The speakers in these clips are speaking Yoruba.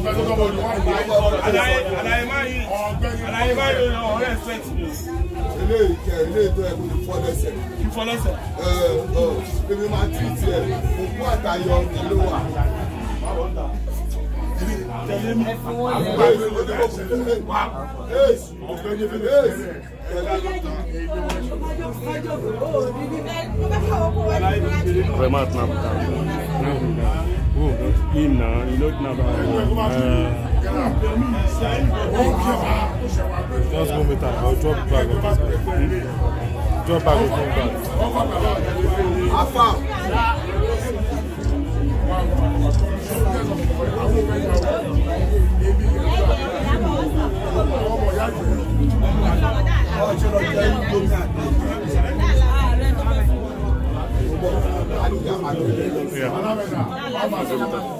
ọ̀gbẹ́ni tó bọ̀lù wà ní ọ̀rọ̀ àlàyé máa yí àlàyé máa yí ọ̀rẹ́ ẹ̀sẹ̀tì ni o. ilé ìkẹ́ ilé ìtọ́ ẹ̀kú ti fọ́ lẹ́sẹ̀. ti fọ́ lẹ́sẹ̀. ẹ ẹ èmi máa tì í tiẹ̀ òkú àtàyọ ló Vraiment, maintenant him now. You look now. Uh, just go with her. I'll drop back. Hmm? Drop back with him back. Yeah.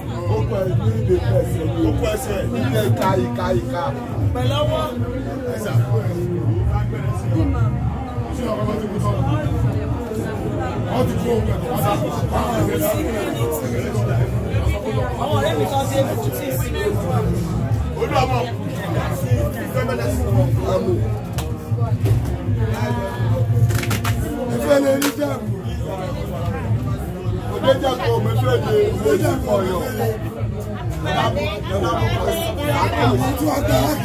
okò ìlú ìdè pẹ̀sẹ̀ ni okò ẹsẹ̀ ilé ìka ìka ìka. pẹ̀lú ọwọ́ ẹ̀sà. wọ́n ti kó ogun ẹ̀kọ́ wọ́n ti kó ogun ẹ̀kọ́. àwọn ọ̀rẹ́ mi kan ṣe é fún tí ì sí ní ìlú olú àmọ́ ìfẹ́mẹ́lẹ́ sí ọmọ. ìfẹ́ lè rí dáàbò ìgbéjàgbọ́ mẹ́fẹ́ẹ̀dẹ̀ ìgbéjàgbọ́ ọ̀yọ́. Àwọn bring it.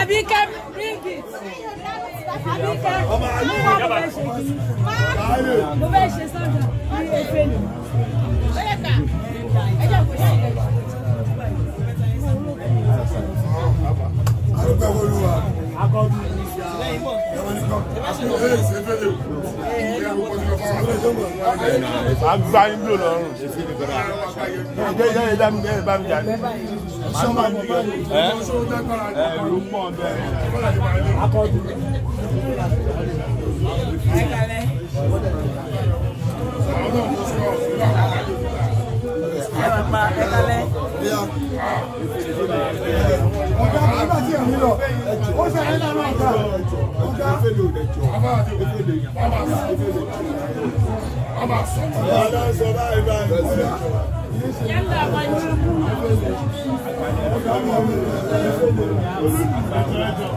Àbíkẹ́, mo fẹ́ ṣe kìíní. Mo fẹ́ ṣe sọ́jà ní efe nù. agbáyé ló lọrùn ẹgbẹ́ ìyá ìdá mi bẹ́ẹ̀ bá mi jà ní. sọ́mà ní ẹ ọ̀gá nígbà tí èmi lọ ó ṣe ẹ̀yìn lánàá ọ̀gá ọ̀gá. ọ̀gá sọ báyìí báyìí. yálà wájú.